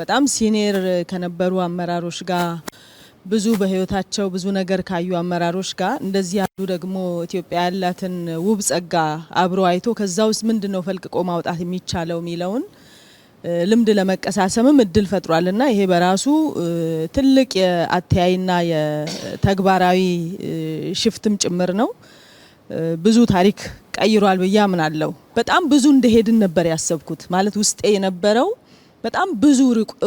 በጣም ሲኒየር ከነበሩ አመራሮች ጋር ብዙ በህይወታቸው ብዙ ነገር ካዩ አመራሮች ጋር እንደዚህ ያሉ ደግሞ ኢትዮጵያ ያላትን ውብ ጸጋ አብሮ አይቶ ከዛ ውስጥ ምንድን ነው ፈልቅቆ ማውጣት የሚቻለው የሚለውን ልምድ ለመቀሳሰምም እድል ፈጥሯል እና ይሄ በራሱ ትልቅ የአተያይና የተግባራዊ ሽፍትም ጭምር ነው። ብዙ ታሪክ ቀይሯል ብዬ አምናለሁ። በጣም ብዙ እንደሄድን ነበር ያሰብኩት ማለት ውስጤ የነበረው በጣም ብዙ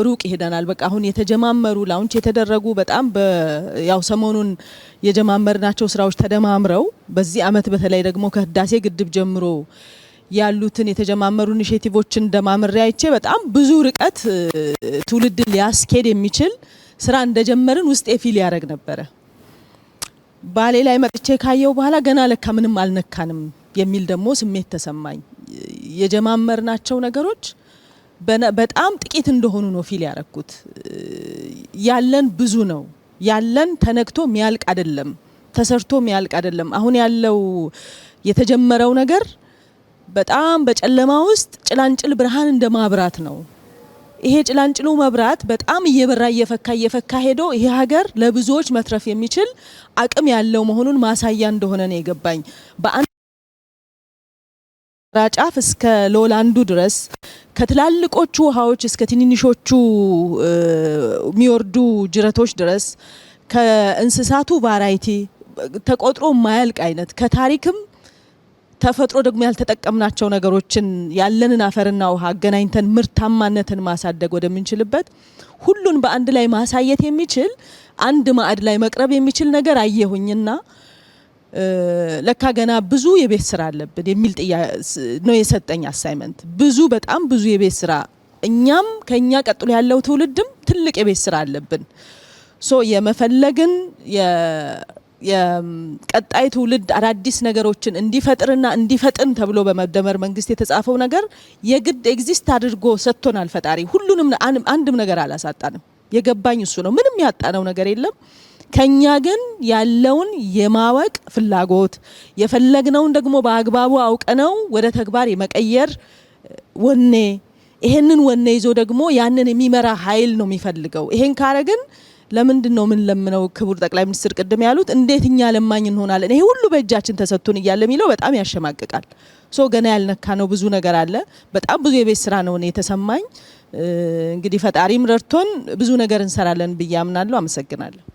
ሩቅ ይሄደናል። በቃ አሁን የተጀማመሩ ላውንች የተደረጉ በጣም ያው ሰሞኑን የጀማመርናቸው ስራዎች ተደማምረው በዚህ አመት በተለይ ደግሞ ከህዳሴ ግድብ ጀምሮ ያሉትን የተጀማመሩ ኢኒሼቲቮችን ደማምሬ አይቼ በጣም ብዙ ርቀት ትውልድ ሊያስኬድ የሚችል ስራ እንደጀመርን ውስጤ ፊል ያደረግ ነበረ። ባሌ ላይ መጥቼ ካየው በኋላ ገና ለካ ምንም አልነካንም የሚል ደግሞ ስሜት ተሰማኝ። የጀማመርናቸው ነገሮች በጣም ጥቂት እንደሆኑ ነው ፊል ያረኩት። ያለን ብዙ ነው። ያለን ተነግቶ ሚያልቅ አይደለም፣ ተሰርቶ ሚያልቅ አይደለም። አሁን ያለው የተጀመረው ነገር በጣም በጨለማ ውስጥ ጭላንጭል ብርሃን እንደ ማብራት ነው። ይሄ ጭላንጭሉ መብራት በጣም እየበራ እየፈካ እየፈካ ሄዶ ይሄ ሀገር ለብዙዎች መትረፍ የሚችል አቅም ያለው መሆኑን ማሳያ እንደሆነ ነው የገባኝ። ራጫፍ እስከ ሎላንዱ ድረስ ከትላልቆቹ ውሃዎች እስከ ትንንሾቹ የሚወርዱ ጅረቶች ድረስ ከእንስሳቱ ቫራይቲ ተቆጥሮ የማያልቅ አይነት ከታሪክም ተፈጥሮ ደግሞ ያልተጠቀምናቸው ነገሮችን ያለንን አፈርና ውሃ አገናኝተን ምርታማነትን ማሳደግ ወደምንችልበት ሁሉን በአንድ ላይ ማሳየት የሚችል አንድ ማዕድ ላይ መቅረብ የሚችል ነገር አየሁኝና ለካ ገና ብዙ የቤት ስራ አለብን የሚል ነው የሰጠኝ አሳይመንት። ብዙ በጣም ብዙ የቤት ስራ እኛም ከኛ ቀጥሎ ያለው ትውልድም ትልቅ የቤት ስራ አለብን። ሶ የመፈለግን የቀጣይ ትውልድ አዳዲስ ነገሮችን እንዲፈጥርና እንዲፈጥን ተብሎ በመደመር መንግስት የተጻፈው ነገር የግድ ኤግዚስት አድርጎ ሰጥቶናል ፈጣሪ። ሁሉንም አንድም ነገር አላሳጣንም። የገባኝ እሱ ነው። ምንም ያጣነው ነገር የለም። ከኛ ግን ያለውን የማወቅ ፍላጎት የፈለግነውን ደግሞ በአግባቡ አውቀነው ወደ ተግባር የመቀየር ወኔ ይሄንን ወኔ ይዞ ደግሞ ያንን የሚመራ ኃይል ነው የሚፈልገው። ይሄን ግን ለምንድን ነው ምን ለምነው? ክቡር ጠቅላይ ሚኒስትር ቅድም ያሉት እንዴት እኛ ለማኝ እንሆናለን? ይሄ ሁሉ በእጃችን ተሰጥቶን እያለ የሚለው በጣም ያሸማቅቃል። ሶ ገና ያልነካ ነው ብዙ ነገር አለ። በጣም ብዙ የቤት ስራ ነው እኔ የተሰማኝ። እንግዲህ ፈጣሪም ረድቶን ብዙ ነገር እንሰራለን ብዬ አምናለሁ። አመሰግናለሁ።